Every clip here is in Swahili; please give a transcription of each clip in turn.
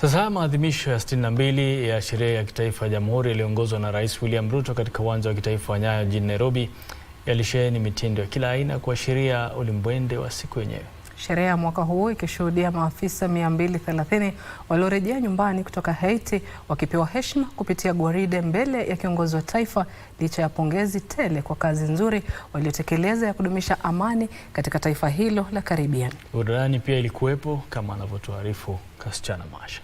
Sasa maadhimisho ya 62 ya sherehe ya kitaifa ya Jamhuri yaliyoongozwa na Rais William Ruto katika uwanja wa kitaifa wa Nyayo jijini Nairobi yalisheheni mitindo ya kila aina kuashiria ulimbwende wa siku yenyewe. Sherehe ya mwaka huu ikishuhudia maafisa 230 waliorejea nyumbani kutoka Haiti wakipewa heshima kupitia gwaride mbele ya kiongozi wa taifa licha ya pongezi tele kwa kazi nzuri waliotekeleza ya kudumisha amani katika taifa hilo la karibian Burudani pia ilikuwepo kama anavyotuarifu Kasichana Masha.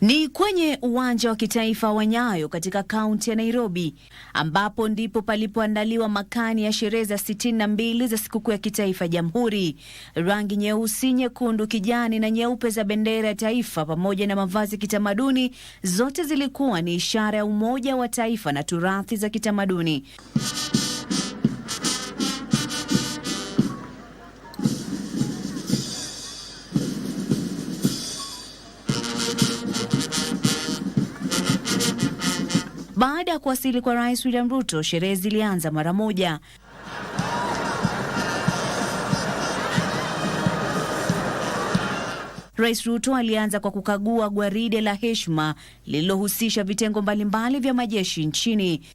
Ni kwenye uwanja wa kitaifa wa Nyayo katika kaunti ya Nairobi ambapo ndipo palipoandaliwa makani ya sherehe za 62 za sikukuu ya kitaifa Jamhuri. Rangi nyeusi, nyekundu, kijani na nyeupe za bendera ya taifa pamoja na mavazi ya kitamaduni zote zilikuwa ni ishara ya umoja wa taifa na turathi za kitamaduni. Baada ya kuwasili kwa Rais William Ruto, sherehe zilianza mara moja. Rais Ruto alianza kwa kukagua gwaride la heshima lililohusisha vitengo mbalimbali vya majeshi nchini.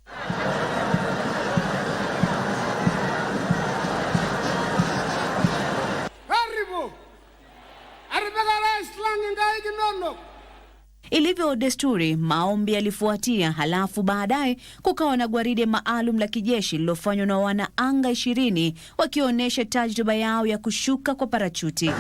Karibu. Ilivyo desturi, maombi yalifuatia, halafu baadaye kukawa na gwaride maalum la kijeshi lililofanywa na wanaanga ishirini wakionyesha tajriba yao ya kushuka kwa parachuti.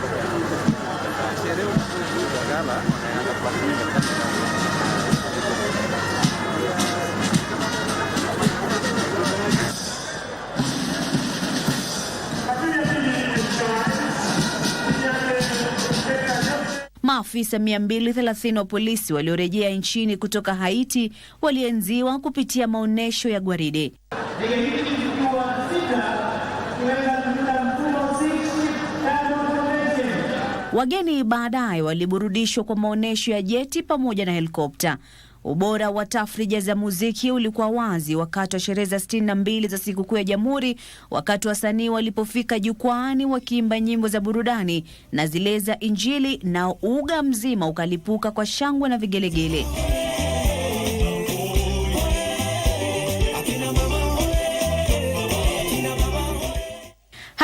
Maafisa 230 wa polisi waliorejea nchini kutoka Haiti walienziwa kupitia maonyesho ya gwaride. Wageni baadaye waliburudishwa kwa maonyesho ya jeti pamoja na helikopta. Ubora wa tafrija za muziki ulikuwa wazi wakati wa sherehe za 62 za sikukuu ya Jamhuri, wakati wasanii walipofika jukwaani wakiimba nyimbo za burudani na zile za Injili, na uga mzima ukalipuka kwa shangwe na vigelegele.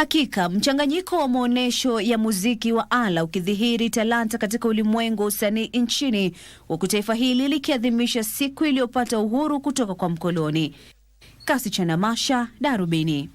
Hakika mchanganyiko wa maonyesho ya muziki wa ala ukidhihiri talanta katika ulimwengu wa usanii nchini, huku taifa hili likiadhimisha siku iliyopata uhuru kutoka kwa mkoloni. Kasi cha Namasha, Darubini.